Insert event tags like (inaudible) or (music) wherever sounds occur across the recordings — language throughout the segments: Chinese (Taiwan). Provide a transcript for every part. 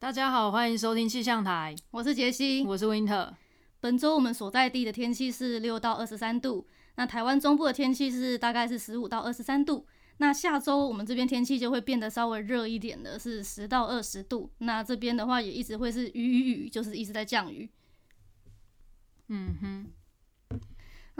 大家好，歡迎收聽氣象台。我是傑西，我是 Winter。本周我們所在地的天氣是六到二十三度，那台灣中部的天氣是大概是十五到二十三度。那下周我們這邊天氣就會變得稍微熱一點的，是十到二十度。那這邊的話也一直會是雨雨雨，就是一直在降雨。嗯哼。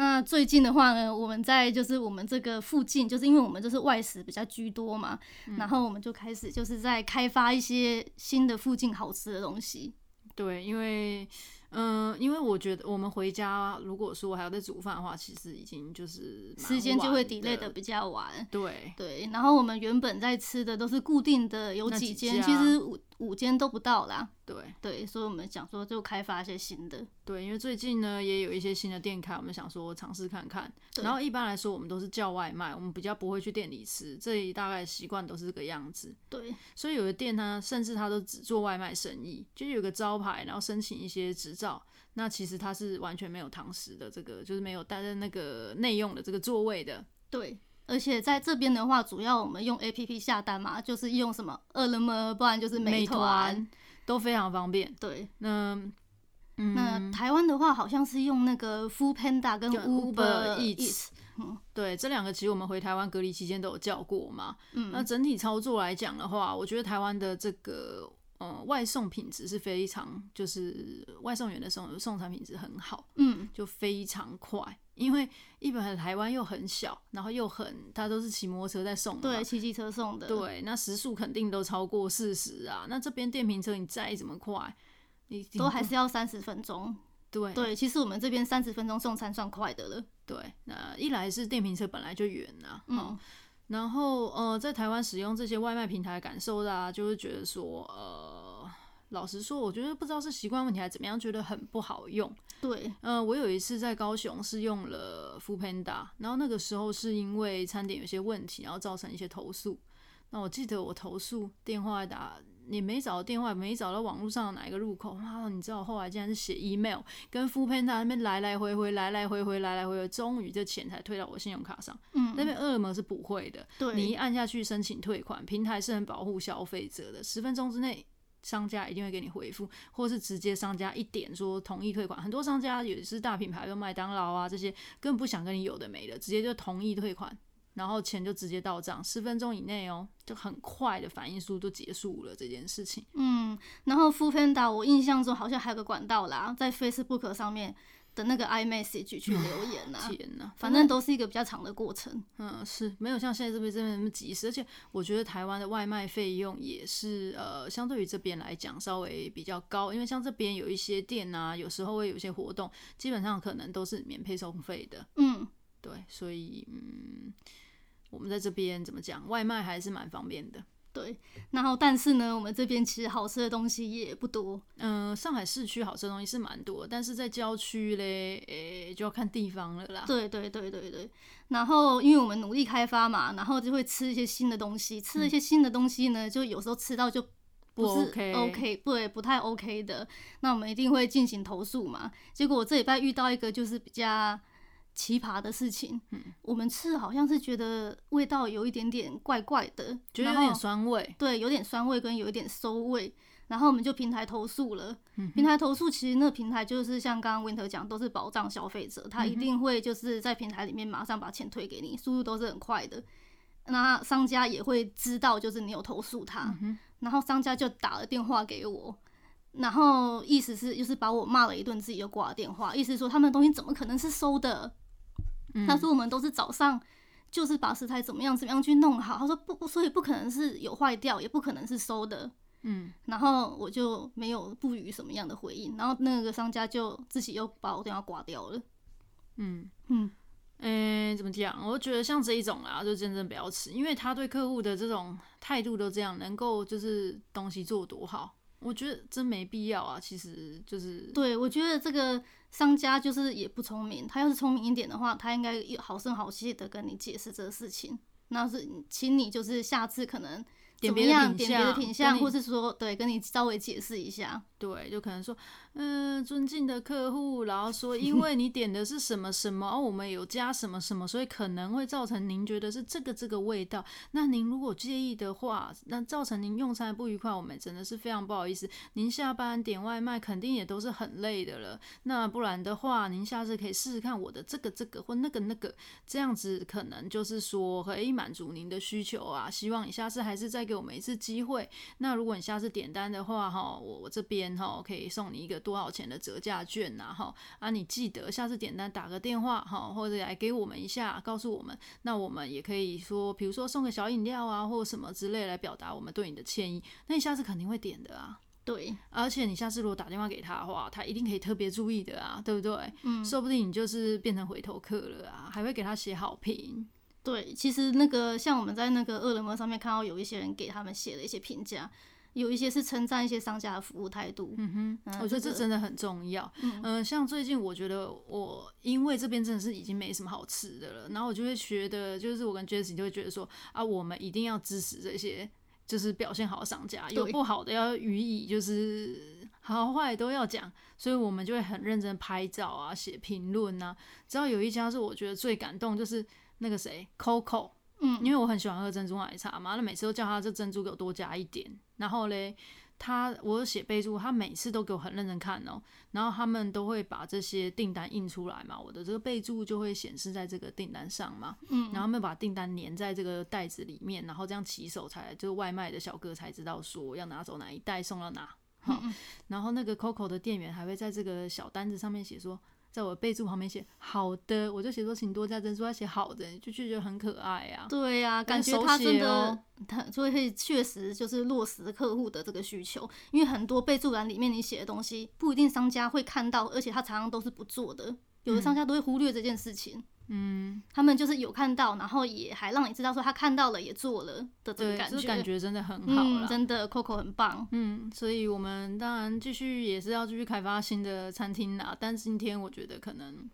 那最近的話呢，我們在就是我們這個附近，就是因為我們就是外食比較居多嘛，嗯、然後我們就開始就是在開發一些新的附近好吃的東西。對，因為嗯、呃，因為我覺得我們回家，如果說還要再煮飯的話，其實已經就是時間就會 delay 的比較晚。對對，然後我們原本在吃的都是固定的，有幾間，其實。五間都不到啦，對對，所以我們想說就開發一些新的，對，因為最近呢也有一些新的店開，我們想說嘗試看看，對。然後一般來說我們都是叫外賣，我們比較不會去店裡吃，這裡大概習慣都是這個樣子。對，所以有的店呢，甚至他都只做外賣生意，就有個招牌，然後申請一些執照，那其實他是完全沒有堂食的，這個就是沒有帶在那個內用的這個座位的。對。而且在這邊的話，主要我們用 A P P 下單嘛，就是用什麼餓了麼，不然就是美團，都非常方便。對，那、嗯、那台灣的話，好像是用那個 Food Panda 跟 Uber, Uber Eats Eat、嗯。對，這兩個其實我們回台灣隔離期間都有叫過嘛。嗯。那整體操作來講的話，我覺得台灣的這個呃外送品質是非常，就是外送員的送送產品質很好，嗯，就非常快。因為日本和台灣又很小，然後又很，它都是騎摩托車在送的，對，騎機車送的，對，那時速肯定都超過四十啊。那這邊電瓶車你再怎麼快，你,你都還是要三十分鐘。對對，其實我們這邊三十分鐘送餐算快的了。對，那一來是電瓶車本來就遠啊，嗯，然後呃，在台灣使用這些外賣平台感受的、啊，就會、是、覺得說，呃，老實說，我覺得不知道是習慣問題還是怎麼樣，覺得很不好用。對，呃，我有一次在高雄是用了 f o o p a n d a 然後那個時候是因為餐點有些問題，然後造成一些投訴。那我記得我投訴電話打，你沒找到電話，沒找到網絡上的哪一個入口，媽你知道我後來竟然是寫 email 跟 f o o p a n d a 那邊來來回回來來回回來來回回，終於這錢才退到我信用卡上。嗯，那邊餓了麼是不會的，對你一按下去申請退款，平台是很保護消費者的，十分鐘之內。商家一定會給你回覆，或是直接商家一點說同意退款。很多商家也是大品牌的麥當勞啊這些，根本不想跟你有的沒的，直接就同意退款，然後錢就直接到賬，十分鐘以內哦，就很快的反應速度結束了這件事情。嗯，然後 Foodpanda，我印象中好像還有個管道啦，在 Facebook 上面。的那個 iMessage 去留言吶，嗯，天吶，反正都是一個比較長的過程。嗯，是沒有像現在這邊這麼及時，而且我覺得台灣的外賣費用也是呃，相對於這邊來講稍微比較高，因為像這邊有一些店啊，有時候會有一些活動，基本上可能都是免配送費的。嗯，對，所以嗯，我們在這邊怎麼講，外賣還是蠻方便的。對，然後但是呢，我們這邊其實好吃的東西也不多。嗯、呃，上海市區好吃的東西是蠻多，但是在郊區嘞，呃、欸，就要看地方了啦。對對對對對。然後因為我們努力開發嘛，然後就會吃一些新的東西，吃了一些新的東西呢、嗯，就有時候吃到就不是 OK，不 OK，對，不太 OK 的。那我們一定會進行投訴嘛。結果我這禮拜遇到一個就是比較。奇葩的事情、嗯，我們吃好像是覺得味道有一點點怪怪的，覺得有點酸味，對，有點酸味跟有一點餿味。然後我們就平台投訴了、嗯，平台投訴其實那個平台就是像剛剛 Winter 講，都是保障消費者、嗯，他一定會就是在平台裡面馬上把錢退給你，速度都是很快的。那商家也會知道就是你有投訴他、嗯，然後商家就打了電話給我，然後意思是就是把我罵了一頓，自己又掛了電話，意思說他們的東西怎麼可能是餿的？他說我們都是早上，就是把食材怎麼樣怎麼樣去弄好。他說不，所以不可能是有壞掉，也不可能是餿的。嗯，然後我就沒有不予什麼樣的回應，然後那個商家就自己又把我電話掛掉了。嗯嗯，誒，怎麼講？我覺得像這一種啊，就真的不要吃，因為他對客戶的這種態度都這樣，能夠就是東西做多好。我覺得真沒必要啊，其實就是對，我覺得這個商家就是也不聰明，他要是聰明一點的話，他應該有好聲好氣的跟你解釋這個事情，那是請你就是下次可能怎麼樣點別的品相，點別的品相，或是說對，跟你稍微解釋一下。對，就可能說，嗯、呃，尊敬的客戶，然後說，因為你點的是什麼什麼、 (laughs) 哦，我們有加什麼什麼，所以可能會造成您覺得是這個這個味道。那您如果介意的話，那造成您用餐不愉快，我們真的是非常不好意思。您下班點外賣肯定也都是很累的了，那不然的話，您下次可以試試看我的這個這個或那個那個，這樣子可能就是說可以、哎、滿足您的需求啊。希望你下次還是再給我們一次機會。那如果你下次點單的話，哈、哦，我我這邊。然後可以送你一個多少錢的折價券吶？哈，啊，你記得下次點單打個電話哈，或者來給我們一下，告訴我們，那我們也可以說，比如說送個小飲料啊，或什麼之類來表達我們對你的歉意。那你下次肯定會點的啊。對，而且你下次如果打電話給他的話，他一定可以特別注意的啊，對不對？嗯，說不定你就是變成回頭客了啊，還會給他寫好評。對，其實那個像我們在那個餓了麼上面看到有一些人給他們寫的一些評價。有一些是稱讚一些商家的服務態度，嗯哼、這個，我覺得這真的很重要。嗯、呃，像最近我覺得我因為這邊真的是已經沒什麼好吃的了，然後我就會覺得，就是我跟 Jessie 就會覺得說啊，我們一定要支持這些，就是表現好的商家，有不好的要予以，就是好壞都要講，所以我們就會很認真拍照啊，寫評論啊。直到有一家是我覺得最感動，就是那個誰，Coco。嗯，因為我很喜歡喝珍珠奶茶嘛，那每次都叫他這珍珠給我多加一點。然後嘞，他我有寫備註，他每次都給我很認真看哦。然後他們都會把這些訂單印出來嘛，我的這個備註就會顯示在這個訂單上嘛。嗯，然後他們把訂單粘在這個袋子裡面，嗯、然後這樣騎手才就是外賣的小哥才知道說要拿走哪一袋送到哪。好，然後那個 Coco 的店員還會在這個小單子上面寫說。在我備註旁邊寫好的，我就寫說，請多加珍珠。他寫好的，就覺得很可愛呀、啊。對呀、啊，感覺他真的，他、哦、所以確實就是落實客戶的這個需求。因為很多備註欄裡面你寫的東西不一定商家會看到，而且他常常都是不做的。有的商家都會忽略這件事情。嗯嗯，他們就是有看到，然後也還讓你知道說他看到了也做了的這個感覺，對，就感覺真的很好，嗯，真的 Coco 很棒，嗯，所以我們當然繼續也是要繼續開發新的餐廳啦。但是今天我覺得可能，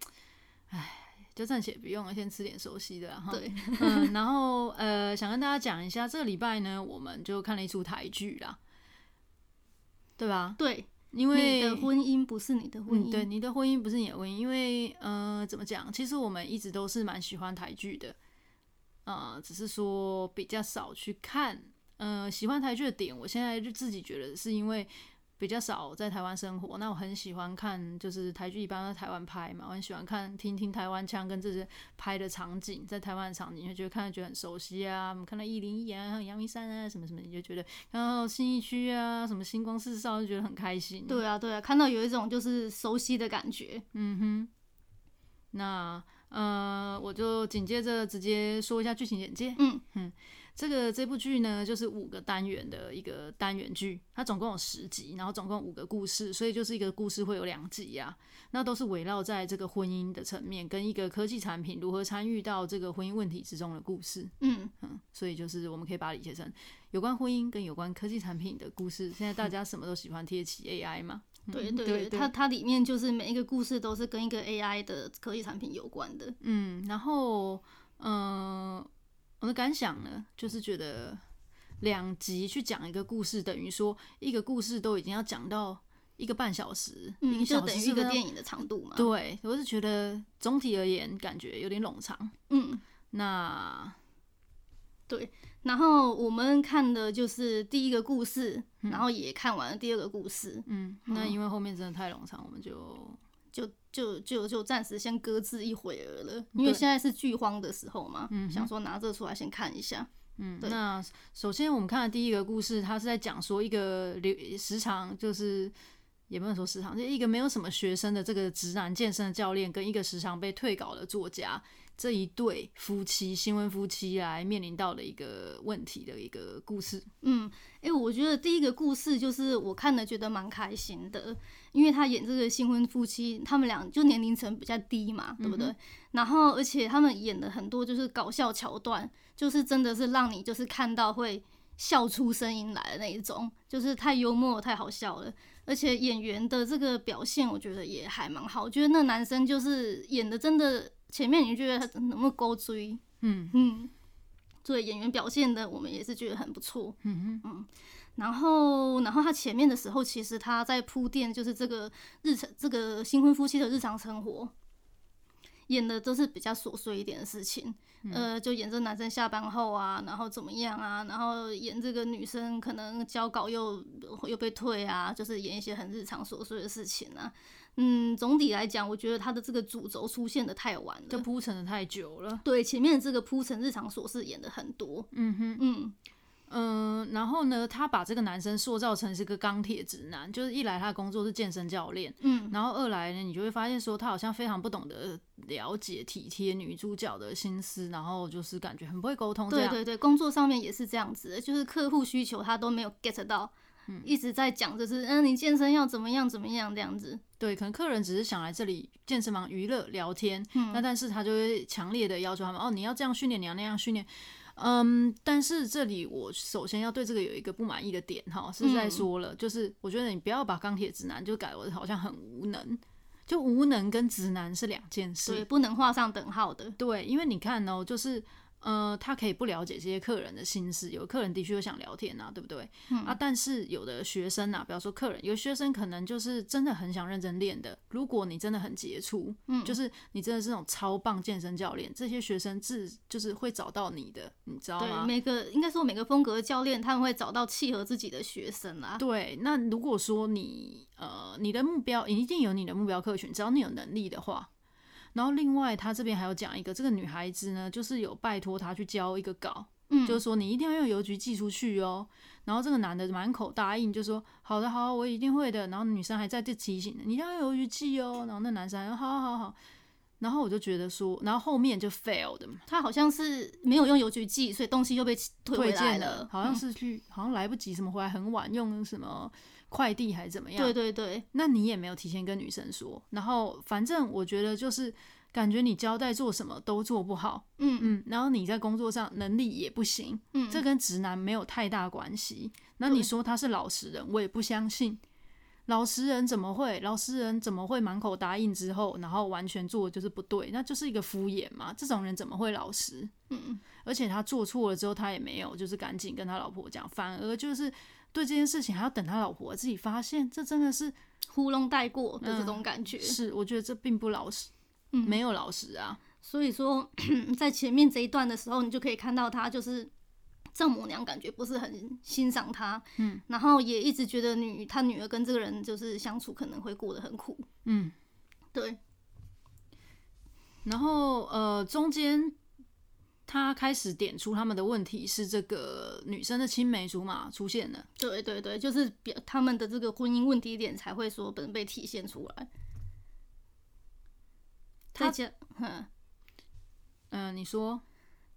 哎，就暫且不用了，先吃點熟悉的啦。對，嗯，然後呃，想跟大家講一下，這個禮拜呢，我們就看了一出台劇啦，對吧？對。因為你的婚姻不是你的婚姻，嗯、對，你的婚姻不是你的婚姻，因為呃，怎麼講？其實我們一直都是蠻喜歡台劇的，呃，只是說比較少去看。嗯、呃，喜歡台劇的點，我現在就自己覺得是因為。比較少在台灣生活，那我很喜歡看，就是台劇一般在台灣拍嘛，我很喜歡看聽聽台灣腔跟這些拍的場景，在台灣的場景，就覺得看了覺得很熟悉啊。我們看到一零一啊、陽明山啊什麼什麼，你就覺得看到信義區啊、什麼星光四少就覺得很開心。對啊，對啊，看到有一種就是熟悉的感覺。嗯哼，那呃，我就緊接着直接說一下劇情簡介。嗯哼。嗯這個這部劇呢，就是五個單元的一個單元劇，它總共有十集，然後總共五個故事，所以就是一個故事會有兩集啊。那都是圍繞在這個婚姻的層面，跟一個科技產品如何參與到這個婚姻問題之中的故事。嗯，嗯，所以就是我們可以把它理解成有關婚姻跟有關科技產品的故事。現在大家什麼都喜歡貼起 AI 嘛？嗯，對，對，對，對對，它它裡面就是每一個故事都是跟一個 AI 的科技產品有關的。嗯，然後嗯。呃我的感想呢，就是覺得兩集去講一個故事，等於說一個故事都已經要講到一個半小時，嗯，就等於一個電影的長度嘛。對，我是覺得總體而言感覺有點冗長。嗯，那對，然後我們看的就是第一個故事，嗯，然後也看完了第二個故事。嗯，嗯，那因為後面真的太冗長，我們就。就就就暫時先擱置一會兒了，因為現在是劇荒的時候嘛。想說拿這出來先看一下嗯。嗯，那首先我們看的第一個故事，他是在講說一個流，時常就是也不能說時常，就一個沒有什麼學生的這個直男健身教練，跟一個時常被退稿的作家。這一對夫妻、新婚夫妻來面臨到的一個問題的一個故事，嗯，哎、欸，我覺得第一個故事就是我看了覺得蠻開心的，因為他演這個新婚夫妻，他們倆就年齡層比較低嘛，對不對？嗯、然後而且他們演的很多就是搞笑橋段，就是真的是讓你就是看到會笑出聲音來的那一種，就是太幽默太好笑了。而且演員的這個表現，我覺得也還蠻好。我覺得那男生就是演的真的。前面你就覺得他能不能勾追？嗯嗯，作為演員表現的我們也是覺得很不錯，嗯嗯嗯，然後然後他前面的時候，其實他在鋪墊，就是這個日常這個新婚夫妻的日常生活。演的都是比較瑣碎一點的事情，嗯、呃，就演這男生下班後啊，然後怎麼樣啊，然後演這個女生可能交稿又又被退啊，就是演一些很日常瑣碎的事情啊。嗯，總體來講，我覺得他的這個主軸出現的太晚了，就鋪陳的太久了。對，前面這個鋪陳日常瑣事演的很多。嗯哼，嗯。嗯，然後呢，他把這個男生塑造成是個鋼鐵直男，就是一來他的工作是健身教練，嗯，然後二來呢，你就會發現說他好像非常不懂得了解體貼女主角的心思，然後就是感覺很不會溝通。對對對，工作上面也是這樣子的，就是客戶需求他都沒有 get 到，嗯，一直在講就是，嗯，你健身要怎麼樣怎麼樣這樣子。對，可能客人只是想來這裡健身房娛樂聊天，嗯，那但是他就會強烈的要求他們，哦，你要這樣訓練，你要那樣訓練。嗯，但是這裡我首先要對這個有一個不滿意的點哈，是在說了、嗯，就是我覺得你不要把鋼鐵直男就改為好像很無能，就無能跟直男是兩件事，對，不能畫上等號的，對，因為你看哦、喔，就是。呃，他可以不了解這些客人的心思。有客人的確想聊天吶，啊，對不對？嗯。啊，但是有的學生啊，比方說客人，有的學生可能就是真的很想認真練的。如果你真的很傑出，嗯，就是你真的是那種超棒健身教練，這些學生自就是會找到你的，你知道嗎？對，每個應該說每個風格的教練，他們會找到契合自己的學生啊。對，那如果說你，呃，你的目標一定有你的目標客群，只要你有能力的話。然後另外他這邊還有講一個這個女孩子呢，就是有拜托他去交一個稿，嗯，就是說你一定要用郵局寄出去哦。然後這個男的滿口答應，就說好的好的，我一定會的。然後女生還在這提醒你一定要用郵局寄哦。然後那男生還說好好好好，然後我就覺得說，然後後面就 fail 的，他好像是沒有用郵局寄，所以東西又被退回來了。好像是去，嗯，好像來不及什麼，回來很晚，用什麼。快遞還是怎麼樣？對對對，那你也沒有提前跟女生說。然後反正我覺得就是感覺你交代做什麼都做不好，嗯嗯。然後你在工作上能力也不行，嗯，這跟直男沒有太大關係，嗯。那你說他是老實人，我也不相信。老實人怎麼會？老實人怎麼會滿口答應之後，然後完全做的就是不對？那就是一個敷衍嘛。這種人怎麼會老實？嗯嗯。而且他做錯了之後，他也沒有就是趕緊跟他老婆講，反而就是。對這件事情還要等他老婆自己發現，這真的是糊弄帶過的這種感覺，呃。是，我覺得這並不老實，嗯、沒有老實啊。所以說，在前面這一段的時候，你就可以看到他就是丈母娘，感覺不是很欣賞他，嗯。然後也一直覺得女他女兒跟這個人就是相處可能會過得很苦。嗯，對。然後呃，中間。他開始點出他們的問題是這個女生的青梅竹馬出現了，對對對，就是他們的這個婚姻問題點才會說，本被體現出來。他講、嗯，嗯，你說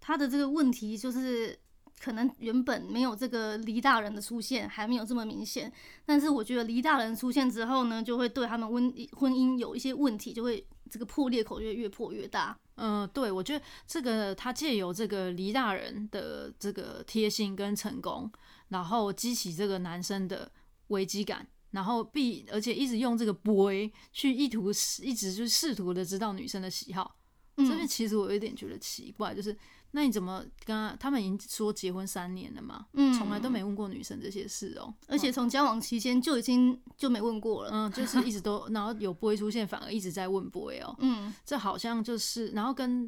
他的這個問題就是可能原本沒有這個黎大人的出現還沒有這麼明顯，但是我覺得黎大人出現之後呢，就會對他們婚，婚姻有一些問題，就會。這個破裂口就越，越破越大。嗯、呃，對，我覺得這個他借由這個黎大人的這個貼心跟成功，然後激起這個男生的危機感，然後必而且一直用這個 boy 去意圖，一直就試圖的知道女生的喜好。這邊其實我有點覺得奇怪，嗯、就是。那你怎麼跟他？他們已經說結婚三年了嘛、嗯，從來都沒問過女生這些事哦，而且從交往期間就已經就沒問過了，嗯，就是一直都， (laughs) 然後有 boy 出現反而一直在問 boy 哦，嗯，這好像就是，然後跟，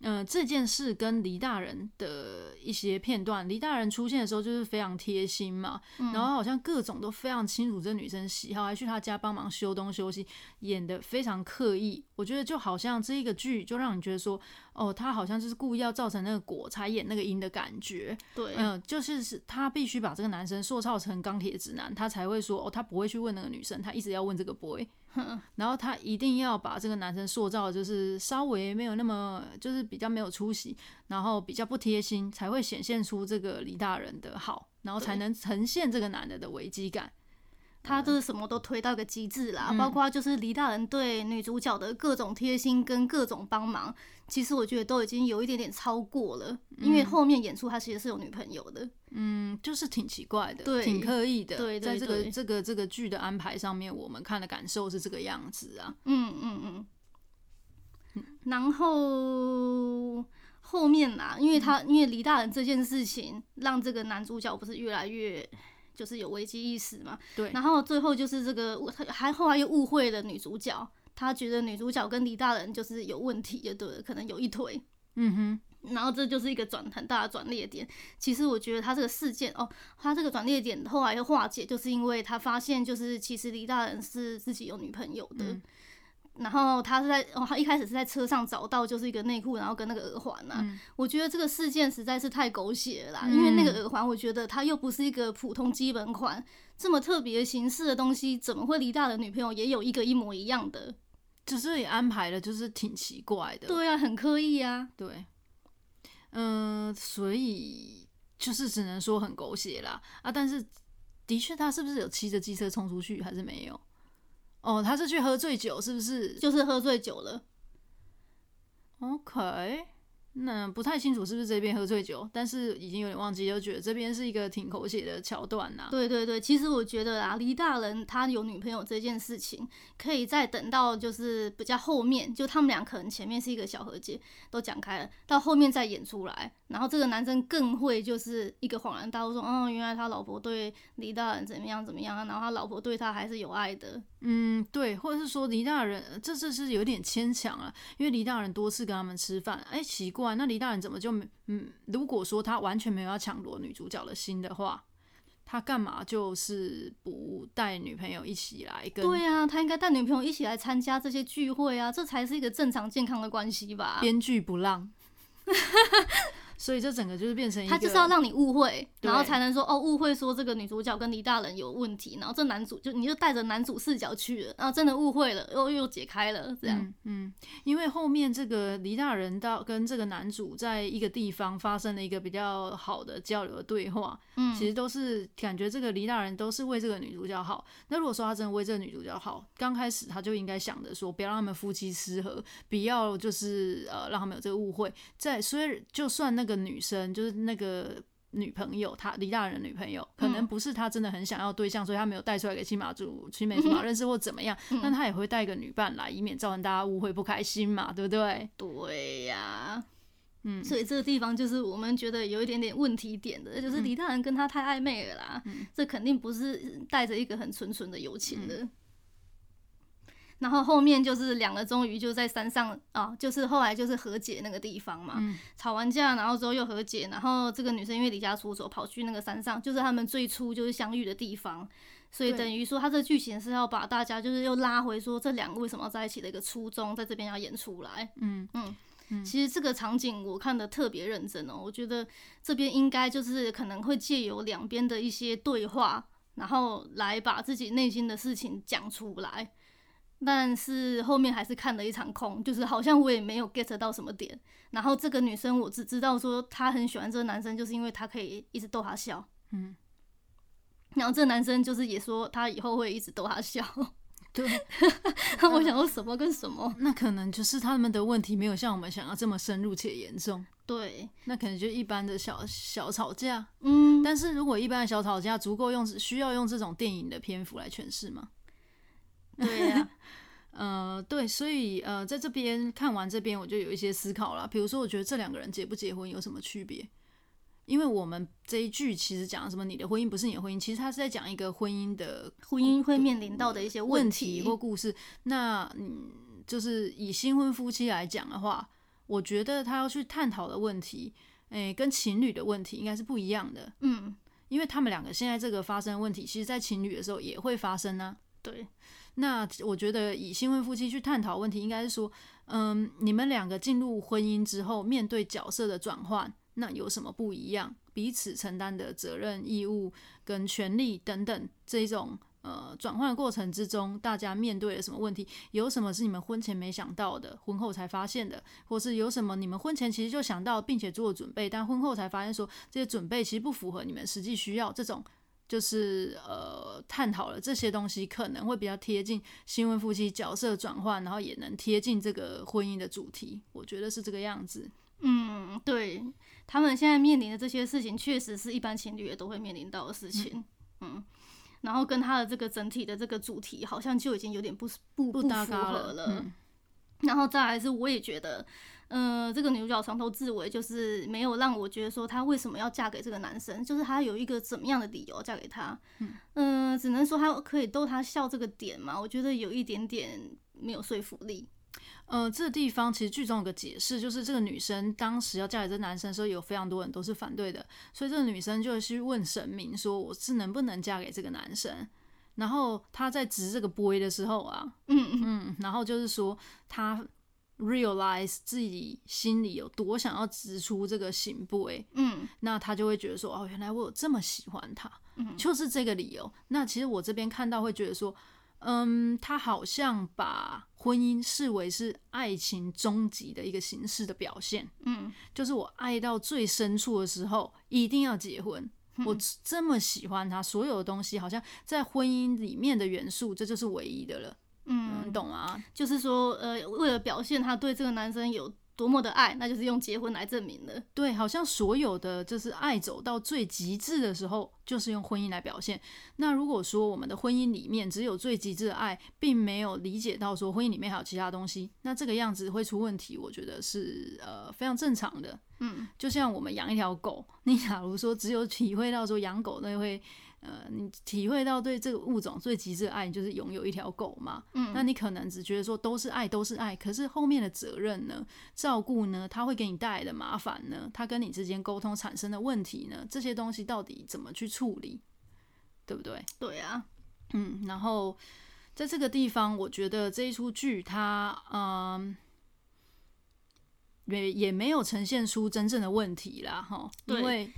嗯、呃，這件事跟黎大人的一些片段，黎大人出現的時候就是非常貼心嘛、嗯，然後好像各種都非常清楚這女生喜好，還去他家幫忙修東修西，演得非常刻意，我覺得就好像這一個劇就讓你覺得說。哦，他好像就是故意要造成那個果才演那個因的感覺，對，嗯，就是是，他必須把這個男生塑造成鋼鐵直男，他才會說，哦，他不會去問那個女生，他一直要問這個 boy、嗯、然後他一定要把這個男生塑造就是稍微沒有那麼，就是比較沒有出息，然後比較不貼心，才會顯現出這個李大仁的好，然後才能呈現這個男的的危機感。他就是什麼都推到一個極致啦，嗯，包括就是李大人對女主角的各種貼心跟各種幫忙，其實我覺得都已經有一點點超過了，嗯，因為後面演出他其實是有女朋友的，嗯，就是挺奇怪的，對，挺刻意的，對，對，對，在這個這個這個劇的安排上面，我們看的感受是這個樣子啊，嗯嗯嗯，然後後面啦，啊，因為他、嗯、因為李大人這件事情，讓這個男主角不是越來越。就是有危機意識嘛，對。然後最後就是這個，他還後來又誤會了女主角，他覺得女主角跟李大人就是有問題的，對對，可能有一腿。嗯哼。然後這就是一個轉很大的轉捩點。其實我覺得他這個事件哦，他這個轉捩點後來又化解，就是因為他發現，就是其實李大人是自己有女朋友的。嗯然後他是在哦，他一開始是在車上找到就是一個內褲，然後跟那個耳環啊。嗯、我覺得這個事件實在是太狗血了啦，因為那個耳環，我覺得他又不是一個普通基本款，嗯、這麼特別形式的東西，怎麼會離大的女朋友也有一個一模一樣的？只是也安排的，就是挺奇怪的。對啊，很刻意啊。對，嗯、呃，所以就是只能說很狗血啦啊！但是的確，他是不是有騎着機車衝出去，還是沒有？哦，他是去喝醉酒，是不是？就是喝醉酒了。OK。那不太清楚是不是這邊喝醉酒，但是已經有點忘記，就覺得這邊是一個挺狗血的橋段吶、啊。對對對，其實我覺得啊，李大人他有女朋友這件事情，可以再等到就是比較後面，就他們倆可能前面是一個小和解都講開了，到後面再演出來。然後這個男生更會就是一個恍然大悟，說，哦，原來他老婆對李大人怎麼樣怎麼樣啊，然後他老婆對他還是有愛的。嗯，對，或者是說李大人這這是有點牽強啊，因為李大人多次跟他們吃飯，哎，奇怪。那李大人怎麼就沒嗯？如果說他完全沒有要搶奪女主角的心的話，他幹嘛就是不帶女朋友一起來？對啊，他應該帶女朋友一起來參加這些聚會啊，這才是一個正常健康的關係吧？編劇不讓。 (laughs) 所以這整個就是變成一個他就是要讓你誤會，然後才能說哦，誤會說這個女主角跟李大人有問題，然後這男主就你就帶着男主視角去了，然後真的誤會了，又又解開了這樣嗯。嗯，因為後面這個李大人到跟這個男主在一個地方發生了一個比較好的交流的對話，嗯，其實都是感覺這個李大人都是為這個女主角好。那如果說他真的為這個女主角好，剛開始他就應該想着說不要讓他們夫妻失和，不要就是呃讓他們有這個誤會，在所以就算那個。女生就是那個女朋友，她李大人的女朋友，可能不是他真的很想要對象，嗯、所以他沒有帶出來給青梅。竹、青梅，竹馬認識或怎麼樣，嗯、但他也會帶個女伴來，以免造成大家誤會不開心嘛，對不對？對呀、啊，嗯，所以這個地方就是我們覺得有一點點問題點的，就是李大人跟他太曖昧了啦、嗯，這肯定不是帶着一個很純純的友情的。嗯然後後面就是兩個終於就在山上啊，就是後來就是和解那個地方嘛。嗯。吵完架，然後之後又和解，然後這個女生因為離家出走，跑去那個山上，就是他們最初就是相遇的地方，所以等於說他這個劇情是要把大家就是又拉回說這兩個為什麼要在一起的一個初衷，在這邊要演出來。嗯嗯嗯。其實這個場景我看得特別認真哦，我覺得這邊應該就是可能會借由兩邊的一些對話，然後來把自己內心的事情講出來。但是後面還是看了一場空，就是好像我也沒有 get 到什麼點。然後這個女生我只知道說她很喜歡這個男生，就是因為他可以一直逗她笑。嗯。然後這男生就是也說他以後會一直逗她笑。對。 (laughs) 我想說什麼跟什麼。嗯。那可能就是他們的問題沒有像我們想要這麼深入且嚴重。對。那可能就一般的小小吵架。嗯。但是如果一般的小吵架足夠用，需要用這種電影的篇幅來詮釋嗎？對呀、啊，嗯、 (laughs) 呃，對，所以呃，在這邊看完這邊，我就有一些思考了。比如說，我覺得這兩個人結不結婚有什麼區別？因為我們這一句其實講什麼？你的婚姻不是你的婚姻，其實他是在講一個婚姻的婚姻會面臨到的一些問題，問題或故事。那嗯，就是以新婚夫妻來講的話，我覺得他要去探討的問題，哎、欸，跟情侶的問題應該是不一樣的。嗯，因為他們兩個現在這個發生的問題，其實在情侶的時候也會發生呢、啊。對。那我覺得以新婚夫妻去探討問題，應該是說，嗯，你們兩個進入婚姻之後，面對角色的轉換，那有什麼不一樣？彼此承擔的責任、義務跟權利等等，這一種呃轉換的過程之中，大家面對了什麼問題？有什麼是你們婚前沒想到的，婚後才發現的，或是有什麼你們婚前其實就想到，並且做了準備，但婚後才發現說這些準備其實不符合你們實際需要這種。就是呃，探討了這些東西可能會比較貼近新婚夫妻角色轉換，然後也能貼近這個婚姻的主題，我覺得是這個樣子。嗯，對他們現在面臨的這些事情，確實是一般情侶也都會面臨到的事情嗯。嗯，然後跟他的這個整體的這個主題好像就已經有點不不不搭嘎了。嗯，然後再來是，我也覺得。嗯、呃，這個女主角從頭至尾就是沒有讓我覺得說她為什麼要嫁給這個男生，就是她有一個怎麼樣的理由嫁給他？嗯，呃、只能說她可以逗她笑這個點嘛，我覺得有一點點沒有說服力。呃，這個、地方其實劇中有個解釋，就是這個女生當時要嫁給這個男生的時候，有非常多人都是反對的，所以這個女生就要去問神明說：“我是能不能嫁給這個男生？”然後她在擲這個杯的時候啊，嗯嗯，然後就是說她。realize 自己心裡有多想要直出這個行部。哎，嗯，那他就會覺得說，哦，原來我有這麼喜歡他，嗯，就是這個理由。嗯、那其實我這邊看到會覺得說，嗯，他好像把婚姻視為是愛情終極的一個形式的表現，嗯，就是我愛到最深處的時候一定要結婚，嗯，我這麼喜歡他，所有的東西好像在婚姻裡面的元素，這就是唯一的了。嗯，懂啊，就是說，呃，為了表現他對這個男生有多麼的愛，那就是用結婚來證明的。對，好像所有的就是愛走到最極致的時候，就是用婚姻來表現。那如果說我們的婚姻裡面只有最極致的愛，並沒有理解到說婚姻裡面還有其他東西，那這個樣子會出問題，我覺得是呃非常正常的。嗯，就像我們養一條狗，你假如說只有體會到說養狗，那會。呃，你體會到對這個物種最極致的愛，就是擁有一條狗嘛。嗯，那你可能只覺得說都是愛，都是愛，可是後面的責任呢？照顧呢？他會給你帶來的麻煩呢？他跟你之間溝通產生的問題呢？這些東西到底怎麼去處理？對不對？對啊，嗯，然後在這個地方，我覺得這一出劇它，嗯，也也沒有呈現出真正的問題啦，哈，因為。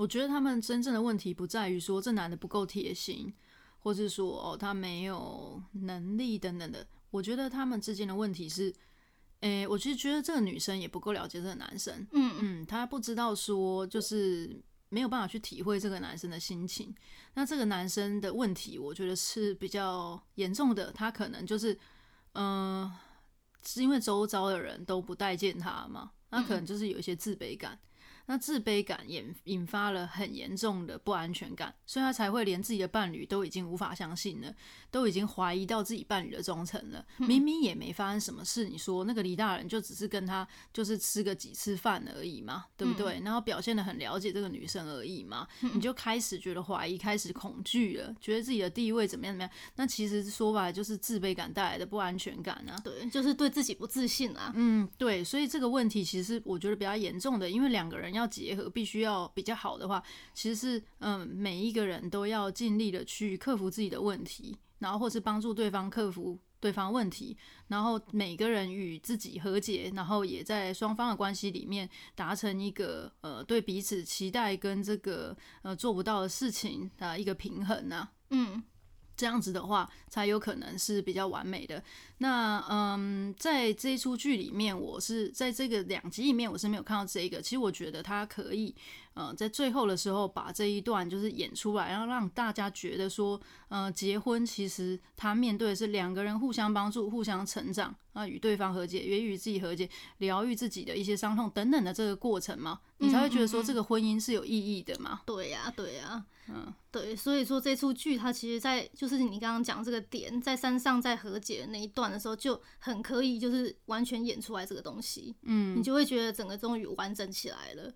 我覺得他們真正的問題不在於說這男的不夠貼心，或是說哦他沒有能力等等的。我覺得他們之間的問題是，誒、欸，我其實覺得這個女生也不夠了解這個男生，嗯嗯，她不知道說就是沒有辦法去體會這個男生的心情。那這個男生的問題，我覺得是比較嚴重的。他可能就是，嗯、呃，是因為周遭的人都不待見他嘛，他可能就是有一些自卑感。那自卑感引引發了很嚴重的不安全感，所以他才會連自己的伴侶都已經無法相信了，都已經懷疑到自己伴侶的忠誠了。明明也沒發生什麼事，你說那個李大人就只是跟他就是吃個幾次飯而已嘛，對不對？嗯。然後表現得很了解這個女生而已嘛，你就開始覺得懷疑，開始恐懼了，覺得自己的地位怎麼樣怎麼樣？那其實說白了就是自卑感帶來的不安全感啊，對，就是對自己不自信啊。嗯，對，所以這個問題其實我覺得比較嚴重的，因為兩個人要。要結合，必須要比較好的話，其實是嗯，每一個人都要盡力的去克服自己的問題，然後或是幫助對方克服對方問題，然後每個人與自己和解，然後也在雙方的關係裡面達成一個呃對彼此期待跟這個呃做不到的事情的一個平衡啊，嗯。這樣子的話，才有可能是比較完美的。那嗯，在這一出劇裡面，我是在這個兩集裡面，我是沒有看到這個。其實我覺得他可以。嗯，在最後的時候把這一段就是演出來，然後讓大家覺得說，嗯，結婚其實他面對的是兩個人互相幫助、互相成長啊，與對方和解，也與自己和解，療癒自己的一些傷痛等等的這個過程嘛，你才會覺得說這個婚姻是有意義的嘛、嗯嗯嗯嗯。對呀、啊，對呀、啊，嗯，對，所以說這齣劇它其實在，在就是你剛剛講這個點，在山上在和解的那一段的時候就很可以，就是完全演出來這個東西，嗯，你就會覺得整個終於完整起來了。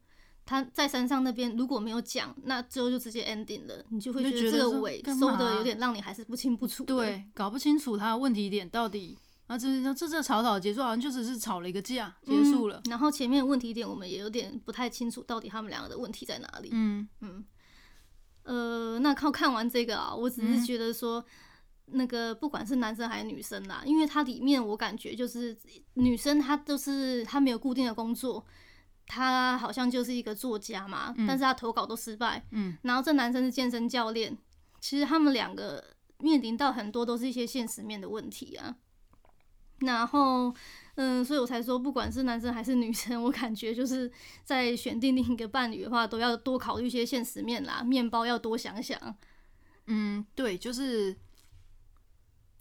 他在山上那邊如果沒有講，那之後就直接 ending 了，你就會覺得這個尾收的有點讓你還是不清不楚。對，搞不清楚他問題點到底啊，就是這這,這,這吵吵結束，好像就只是吵了一個架結束了。嗯、然後前面問題點我們也有點不太清楚，到底他們兩個的問題在哪裡？嗯嗯。呃，那靠看完這個啊，我只是覺得說，嗯、那個不管是男生還是女生啦、啊，因為它裡面我感覺就是女生她都是她沒有固定的工作。他好像就是一個作家嘛，嗯，但是他投稿都失敗。嗯，然後這男生是健身教練，其實他們兩個面臨到很多都是一些現實面的問題啊。然後，嗯，所以我才說，不管是男生還是女生，我感覺就是在選定另一個伴侶的話，都要多考慮一些現實面啦，麵包要多想想。嗯，對，就是。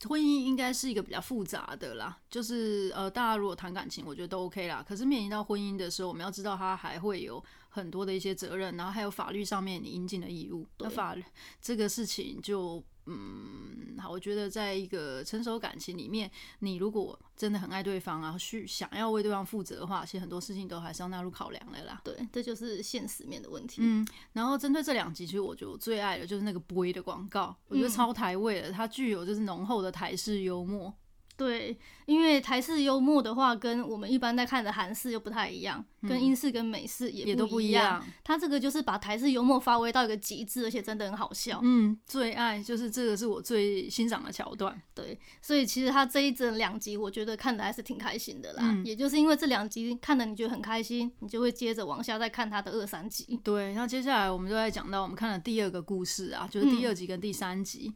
婚姻應該是一個比較複雜的啦，就是呃，大家如果談感情，我覺得都 OK 啦。可是面臨到婚姻的時候，我們要知道他還會有很多的一些責任，然後還有法律上面你應盡的義務。那法這個事情就。嗯，好，我覺得在一個成熟感情裡面，你如果真的很愛對方啊，去想要為對方負責的話，其實很多事情都還是要納入考量的啦。對，這就是現實面的問題。嗯，然後針對這兩集，其實我覺得我最愛的就是那個 boy 的廣告，我覺得超台味的，嗯，它具有就是濃厚的台式幽默。對，因為台式幽默的話，跟我們一般在看的韓式又不太一樣，跟英式跟美式也、嗯、也都不一樣。他這個就是把台式幽默發揮到一個極致，而且真的很好笑。嗯，最愛就是這個，是我最欣賞的橋段。對，所以其實他這一整兩集，我覺得看的還是挺開心的啦。嗯、也就是因為這兩集看的你覺得很開心，你就會接着往下再看他的二三集。對，那接下來我們就在講到我們看的第二個故事啊，就是第二集跟第三集，誒、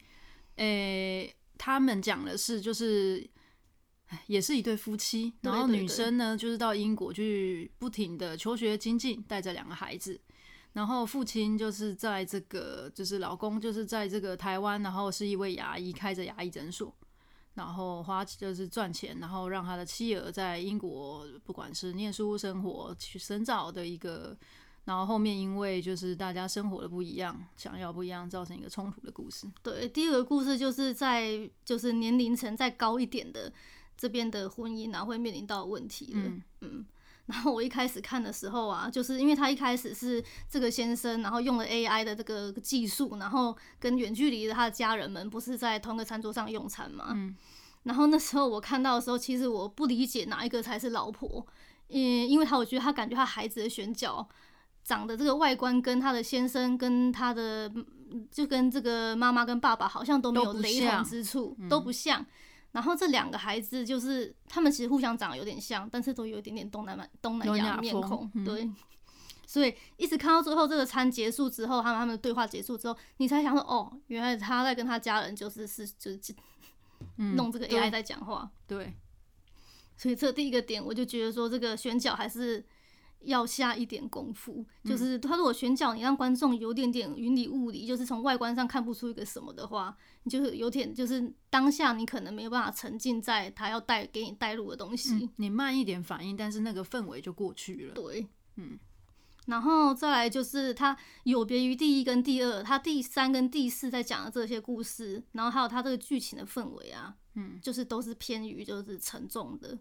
嗯。欸他們講的是，就是，哎，也是一對夫妻，然後女生呢，對對對，就是到英國去不停地求學精進，帶着兩個孩子，然後父親就是在這個，就是老公就是在這個台灣，然後是一位牙醫，開着牙醫診所，然後花就是賺錢，然後讓他的妻兒在英國，不管是念書、生活、去深造的一個。然後後面因為就是大家生活的不一樣，想要不一樣，造成一個衝突的故事。對，第二個故事就是在就是年齡層再高一點的這邊的婚姻啊，然後會面臨到問題了。嗯。嗯，然後我一開始看的時候啊，就是因為他一開始是這個先生，然後用了 AI 的這個技術，然後跟遠距離的他的家人們不是在同一個餐桌上用餐嘛。嗯。然後那時候我看到的時候，其實我不理解哪一個才是老婆，因為他我覺得他感覺他孩子的選角。長的這個外觀跟他的先生跟他的，就跟這個媽媽跟爸爸好像都沒有雷同之處，都不像，不像嗯、然後這兩個孩子就是他們其實互相長得有點像，但是都有一點點東南東南亞面孔對，嗯、所以一直看到最後這個餐結束之後他們他們的對話結束之後，你才想說哦，原來他在跟他家人就是是就是、就是嗯、弄這個 AI 在講話，對，所以這第一個點我就覺得說這個選角還是。要下一點功夫，就是他如果選角，你讓觀眾有點點雲裡霧裡，就是從外觀上看不出一個什麼的話，你就是、有點就是當下你可能沒有辦法沉浸在他要帶給你帶入的東西、嗯。你慢一點反應，但是那個氛圍就過去了。對，嗯。然後再來就是他有別於第一跟第二，他第三跟第四在講的這些故事，然後還有他這個劇情的氛圍啊，嗯，就是都是偏於就是沉重的。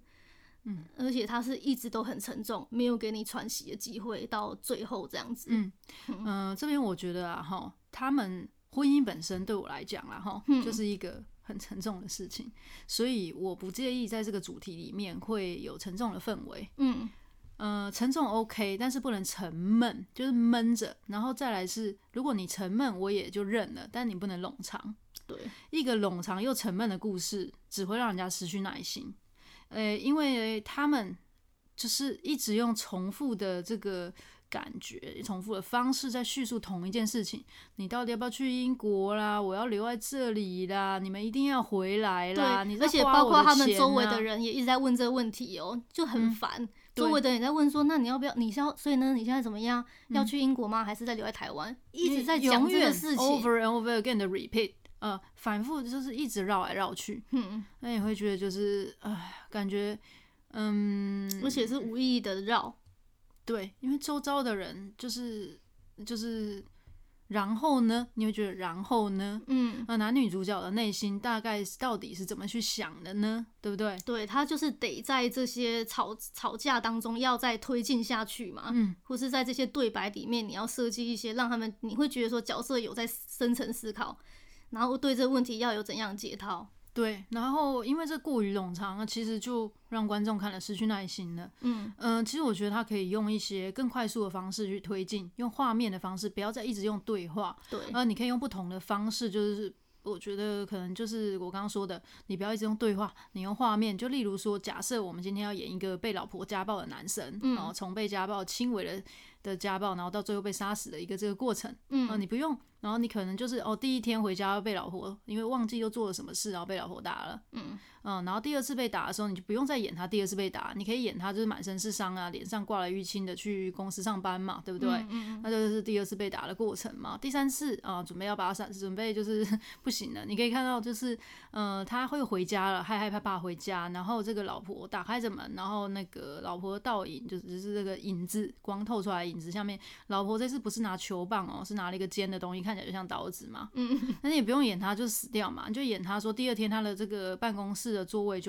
嗯，而且他是一直都很沉重，沒有給你喘息的機會，到最後這樣子。嗯嗯、呃，這邊我覺得啊，哈，他們婚姻本身對我來講啊，哈、嗯，就是一個很沉重的事情，所以我不介意在這個主題裡面會有沉重的氛圍。嗯，呃，沉重 OK，但是不能沉悶，就是悶着。然後再來是，如果你沉悶，我也就認了，但你不能冗長。對，一個冗長又沉悶的故事，只會讓人家失去耐心。欸、因為他們就是一直用重複的這個感覺、重複的方式在敘述同一件事情。你到底要不要去英國啦？我要留在這裡啦！你們一定要回來啦！對，而且包括他們周圍的人也一直在問這個問題哦，嗯、就很煩。周圍的人也在問說：“那你要不要？你現所以呢？你現在怎麼樣？要去英國嗎？嗯、還是在留在台灣？”一直在講這個事情。Over and over again 的 repeat。呃，反覆就是一直繞來繞去，嗯，那也會覺得就是，哎、呃，感覺，嗯，而且是無意義的繞，對，因為周遭的人就是就是，然後呢，你會覺得然後呢，嗯，那、呃、男女主角的內心大概到底是怎麼去想的呢？對不對？對，他就是得在這些吵吵架當中要再推進下去嘛，嗯，或是在這些對白裡面，你要設計一些讓他們，你會覺得說角色有在深層思考。然後對這個問題要有怎樣解套？對，然後因為這過於冗長，其實就讓觀眾看了失去耐心了。嗯嗯、呃，其實我覺得他可以用一些更快速的方式去推進，用畫面的方式，不要再一直用對話。對，啊、呃，你可以用不同的方式，就是我覺得可能就是我剛剛說的，你不要一直用對話，你用畫面。就例如說，假設我們今天要演一個被老婆家暴的男生，嗯、然後從被家暴、輕微的的家暴，然後到最後被殺死的一個這個過程，嗯，呃、你不用。然後你可能就是哦，第一天回家被老婆，因為忘記又做了什麼事，然後被老婆打了。嗯，嗯，然後第二次被打的時候，你就不用再演他第二次被打，你可以演他就是滿身是傷啊，臉上掛了淤青的去公司上班嘛，對不對？嗯，嗯，那就是第二次被打的過程嘛。第三次啊、嗯，準備要把他殺，準備就是不行了。你可以看到就是，嗯、呃，他會回家了，害害怕怕回家，然後這個老婆打開着門，然後那個老婆的倒影就是只是這個影子光透出來，影子下面老婆這次不是拿球棒哦，是拿了一個尖的東西看。就像刀子嘛，嗯，那你也不用演他，就死掉嘛， (laughs) 你就演他說，第二天他的這個辦公室的座位就。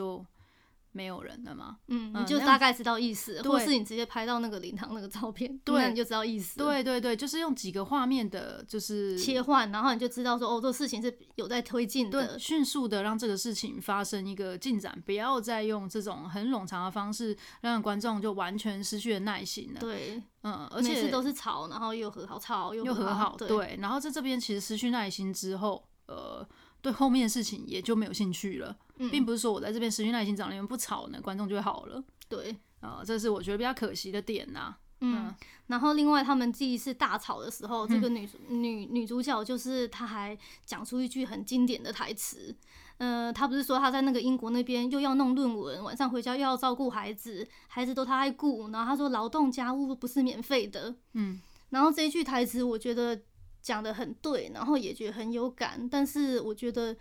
沒有人的嗎？嗯，嗯，你就大概知道意思，或是你直接拍到那個靈堂那個照片，對，你就知道意思。對對對，就是用幾個畫面的，就是切換，然後你就知道說，哦，這個事情是有在推進的。對，迅速的讓這個事情發生一個進展，不要再用這種很冗長的方式，讓觀眾就完全失去了耐心了。對，嗯，而且都是吵，然後又和好，吵又又和好，又和好，對，對。然後在這邊其實失去耐心之後，呃。對後面的事情也就沒有興趣了，嗯、並不是說我在這邊失去耐心講你們不吵呢，觀眾就好了。對，啊、呃，這是我覺得比較可惜的點吶、啊嗯。嗯，然後另外他們這一次大吵的時候，嗯、這個女女女主角就是她還講出一句很經典的台詞，呃，她不是說她在那個英國那邊又要弄論文，晚上回家又要照顧孩子，孩子都她愛顧，然後她說勞動家務不是免費的。嗯，然後這一句台詞我覺得。講得很對，然後也覺得很有感，但是我覺得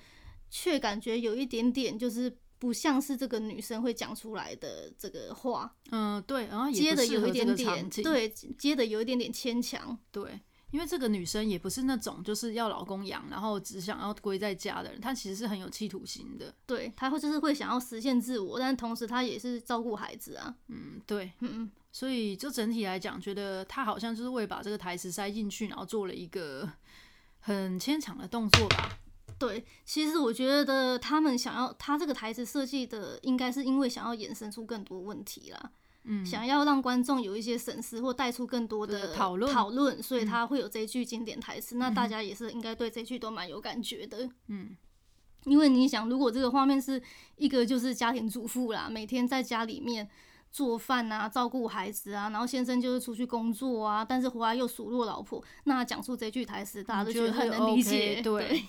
卻感覺有一點點，就是不像是這個女生會講出來的這個話。嗯，對，然後，啊，接的有一點點，對，接的有一點點牽強，對。因為這個女生也不是那種就是要老公養，然後只想要歸在家的人，她其實是很有企圖心的。對，她會就是會想要實現自我，但同時她也是照顧孩子啊。嗯，對，嗯嗯，所以就整體來講，覺得她好像就是為把這個台詞塞進去，然後做了一個很牽強的動作吧。對，其實我覺得他們想要她這個台詞設計的，應該是因為想要衍生出更多問題啦。想要讓觀眾有一些省思或帶出更多的討、嗯、論，討論，所以他會有這句經典台詞、嗯。那大家也是應該對這句都蠻有感覺的。嗯，因為你想，如果這個畫面是一個就是家庭主婦啦，每天在家裡面做飯啊，照顧孩子啊，然後先生就是出去工作啊，但是回來又數落老婆，那講出這句台詞，大家都覺得很能理解，對。對。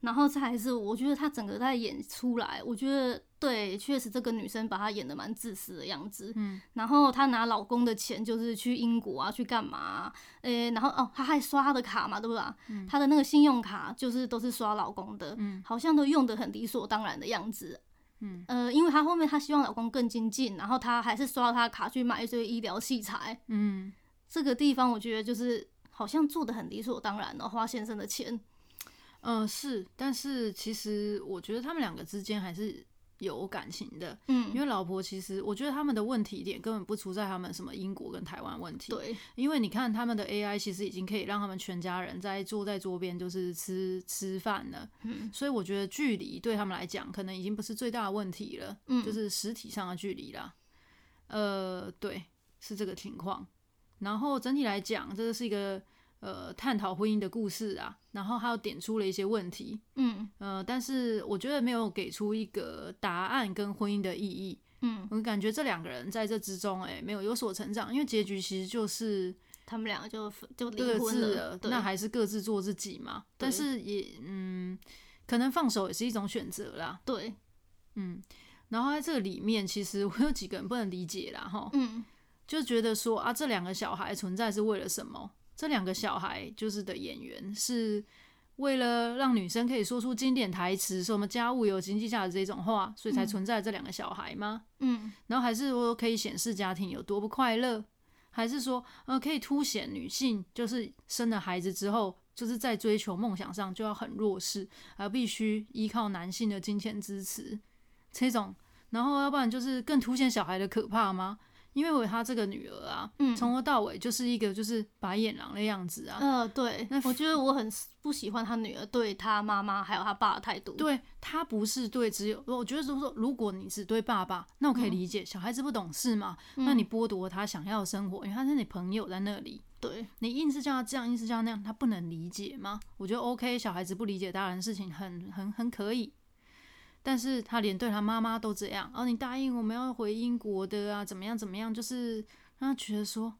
然後這還是我覺得他整個在演出來，我覺得。對，確實這個女生把她演的蠻自私的樣子。嗯，然後她拿老公的錢，就是去英國啊，去幹嘛、啊？哎、欸，然後哦，她還刷她的卡嘛，對不對？她、嗯、的那個信用卡就是都是刷老公的，嗯、好像都用的很理所當然的樣子。嗯，呃，因為她後面她希望老公更精進，然後她還是刷她卡去買一堆醫療器材。嗯，這個地方我覺得就是好像做的很理所當然哦，花先生的錢。嗯、呃，是，但是其實我覺得他們兩個之間還是。有感情的，嗯，因為老婆其實，我覺得他們的問題點根本不出在他們什麼英國跟台灣問題，對，因為你看他們的 AI 其實已經可以讓他們全家人在坐在桌邊就是吃吃飯了，嗯，所以我覺得距離對他們來講可能已經不是最大的問題了，嗯，就是實體上的距離啦，嗯，呃，對，是這個情況，然後整體來講，這個是一個。呃，探討婚姻的故事啊，然後還有點出了一些問題，嗯，呃，但是我覺得沒有給出一個答案跟婚姻的意義，嗯，我感覺這兩個人在這之中，哎、欸，沒有有所成長，因為結局其實就是他們兩個就就離婚了，各自，對，那還是各自做自己嘛。但是也，嗯，可能放手也是一種選擇啦，對，嗯，然後在這裡面，其實我有幾個人不能理解啦哈，嗯，就覺得說啊，這兩個小孩存在是為了什麼？這兩個小孩就是的演員，是為了讓女生可以說出經典台詞，說什麼家務有經濟價值，這種話，所以才存在這兩個小孩嗎？嗯，然後還是說可以顯示家庭有多不快樂，還是說呃可以凸顯女性就是生了孩子之後就是在追求夢想上就要很弱勢，而必須依靠男性的金錢支持這種，然後要不然就是更凸顯小孩的可怕嗎？因為我有他這個女兒啊，從、嗯、頭到尾就是一個就是白眼狼的樣子啊。呃，對。那我覺得我很不喜歡他女兒對他媽媽還有他爸的態度。對他不是對，只有我覺得就是說，如果你只對爸爸，那我可以理解、嗯、小孩子不懂事嘛。那你剝奪他想要的生活、嗯，因為他是你朋友在那裡。對你硬是叫他這樣，硬是叫他那樣，他不能理解嗎？我覺得 OK，小孩子不理解大人的事情很很很可以。但是他連對他媽媽都這樣，啊、哦、你答應我們要回英國的啊，怎麼樣怎麼樣，就是他覺得說，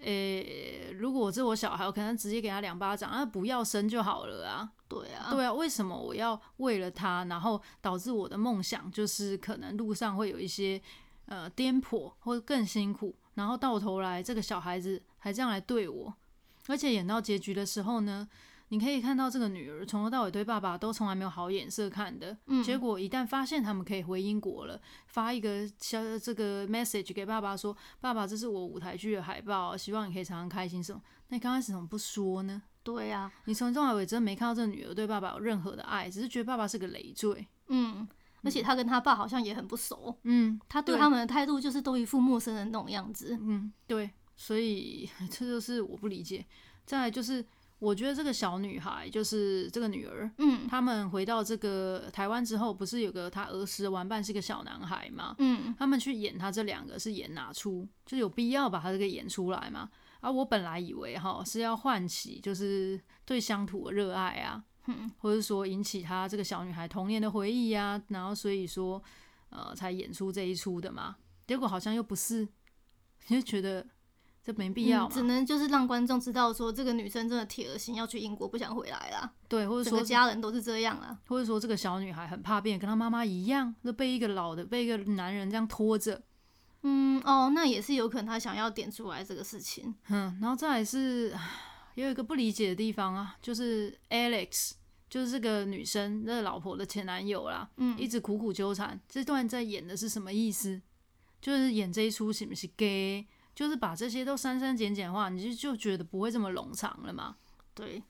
誒、欸，如果我是我小孩，我可能直接給他兩巴掌啊，不要生就好了啊。對啊，對啊，為什麼我要為了他，然後導致我的夢想就是可能路上會有一些呃顛簸或者更辛苦，然後到頭來這個小孩子還這樣來對我，而且演到結局的時候呢，你可以看到這個女兒從頭到尾對爸爸都從來沒有好眼色看的，嗯，結果一旦發現他們可以回英國了，發一個消這個 message 給爸爸說：“爸爸，這是我舞台劇的海報，希望你可以常常開心。”什麼？那你剛開始怎麼不說呢？對呀，啊，你從頭到尾真的沒看到這個女兒對爸爸有任何的愛，只是覺得爸爸是個累贅，嗯。嗯，而且他跟他爸好像也很不熟。嗯，他對他們的態度就是都一副陌生人那種樣子。嗯，對，所以這就是我不理解。再來就是。我覺得這個小女孩就是這個女兒，嗯，他們回到這個台灣之後，不是有個他兒時的玩伴是個小男孩嗎？嗯，他們去演他這兩個是演哪出？就有必要把他這個演出來嗎？啊，我本來以為哈是要喚起就是對鄉土的熱愛啊，嗯，或者說引起他這個小女孩童年的回憶呀，啊，然後所以說呃才演出這一出的嘛。結果好像又不是，你就覺得。沒必要、嗯，只能就是讓觀眾知道說，這個女生真的鐵了心要去英國，不想回來啦。對，或者說，家人都是這樣啊。或者說，這個小女孩很怕變，跟她媽媽一樣，都被一個老的，被一個男人這樣拖着。嗯，哦，那也是有可能，她想要點出來這個事情。嗯，然後再來是有一個不理解的地方啊，就是 Alex 就是這個女生的、這個、老婆的前男友啦，嗯，一直苦苦糾纏。這段在演的是什麼意思？就是演這一出是不是 gay？就是把這些都刪刪減減的話，你就就覺得不會這麼冗長了嘛，對，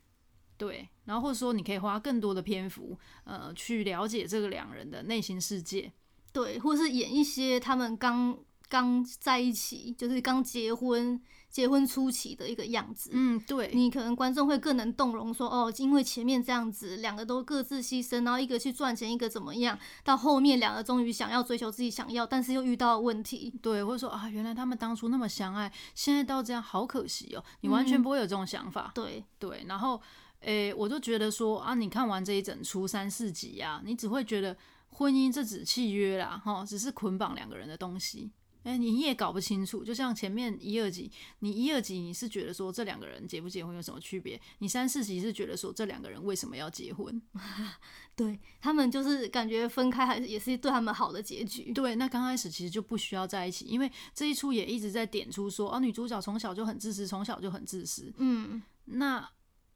對，然後或者說你可以花更多的篇幅，呃，去了解這個兩人的內心世界，對，或是演一些他們剛剛在一起，就是剛結婚。結婚初期的一個樣子，嗯，對，你可能觀眾會更能動容說，說哦，因為前面這樣子，兩個都各自犧牲，然後一個去賺錢，一個怎麼樣，到後面兩個終於想要追求自己想要，但是又遇到了問題，對，或者說啊，原來他們當初那麼相愛，現在到這樣，好可惜哦，你完全不會有這種想法，嗯、對對，然後誒、欸，我就覺得說啊，你看完這一整出三四集呀、啊，你只會覺得婚姻這紙契約啦，哈，只是捆綁兩個人的東西。哎、欸，你也搞不清楚。就像前面一、二集，你一、二集你是覺得說這兩個人結不結婚有什麼區別？你三四集是覺得說這兩個人為什麼要結婚？ (laughs) 對，他們就是感覺分開還是也是對他們好的結局。對，那剛開始其實就不需要在一起，因為這一出也一直在點出說，哦，女主角從小就很自私，從小就很自私。嗯，那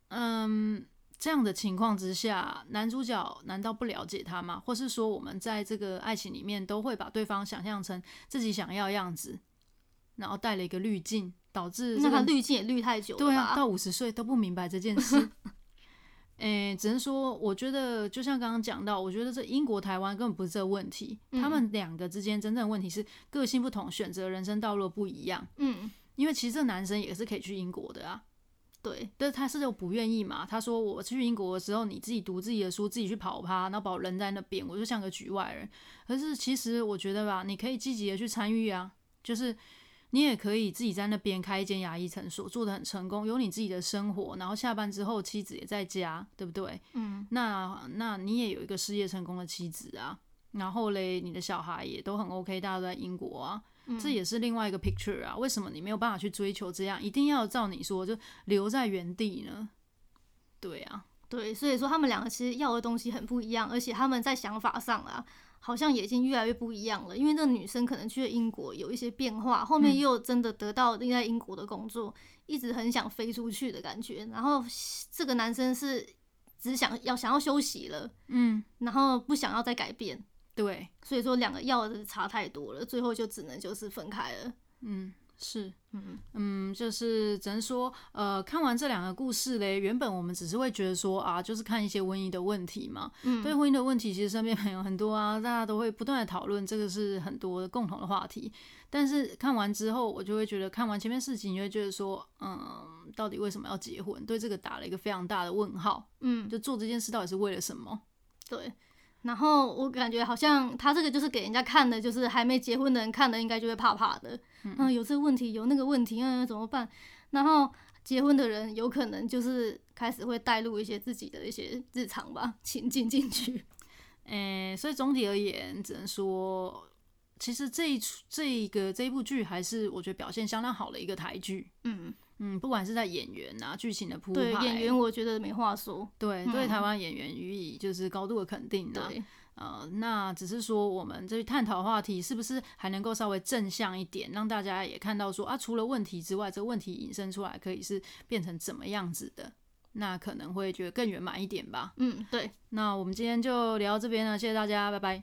嗯。這樣的情況之下，男主角難道不了解他嗎？或是說，我們在這個愛情裡面都會把對方想象成自己想要的樣子，然後帶了一個濾鏡，導致、這個、那他濾鏡也濾太久了，對啊，到五十歲都不明白這件事。哎、 (laughs) 欸，只能說，我覺得就像剛剛講到，我覺得這英國台灣根本不是這個問題，嗯、他們兩個之間真正的問題是個性不同，選擇人生道路不一樣。嗯，因為其實這男生也是可以去英國的啊。對，但是他是就不願意嘛。他說，我去英國的時候，你自己讀自己的書，自己去跑趴，然後把我扔在那邊，我就像個局外人。可是其實我覺得吧，你可以積極的去參與啊，就是你也可以自己在那邊開一間牙醫診所，做得很成功，有你自己的生活，然後下班之後妻子也在家，對不對？嗯，那那你也有一個事業成功的妻子啊，然後嘞，你的小孩也都很 OK，大家都在英國啊。這也是另外一個 picture 啊、嗯，為什麼你沒有辦法去追求這樣？一定要照你說，就留在原地呢？對啊，對，所以說他們兩個其實要的東西很不一樣，而且他們在想法上啊，好像也已經越來越不一樣了。因為這個女生可能去了英國有一些變化，後面又真的得到在英國的工作、嗯，一直很想飛出去的感覺。然後這個男生是只想要想要休息了，嗯，然後不想要再改變。對，所以說兩個要的差太多了，最後就只能就是分開了。嗯，是，嗯嗯，就是只能說，呃，看完這兩個故事嘞，原本我們只是會覺得說啊，就是看一些婚姻的問題嘛。嗯。對婚姻的問題，其實身邊朋友很多啊，大家都會不斷的討論，這個是很多的共同的話題。但是看完之後，我就會覺得，看完前面事情，你會覺得說，嗯，到底為什麼要結婚？對這個打了一個非常大的問號。嗯。就做這件事到底是為了什麼？對。然後我感覺好像他這個就是給人家看的，就是還沒結婚的人看的，應該就會怕怕的。嗯，有這個問題，有那個問題，那、嗯、怎麼辦？然後結婚的人有可能就是開始會帶入一些自己的一些日常吧，情境進，進去。哎、呃，所以總體而言，只能說，其實這這一個這部劇還是我覺得表現相當好的一個台劇。嗯。嗯，不管是在演員啊，劇情的鋪排，對演員，我覺得沒話說。對，對台灣演員予以就是高度的肯定啊。對，嗯，呃，那只是說我們這探討話題是不是還能夠稍微正向一點，讓大家也看到說啊，除了問題之外，這個問題引申出來可以是變成怎麼樣子的，那可能會覺得更圓滿一點吧。嗯，對。那我們今天就聊到這邊了，謝謝大家，拜拜。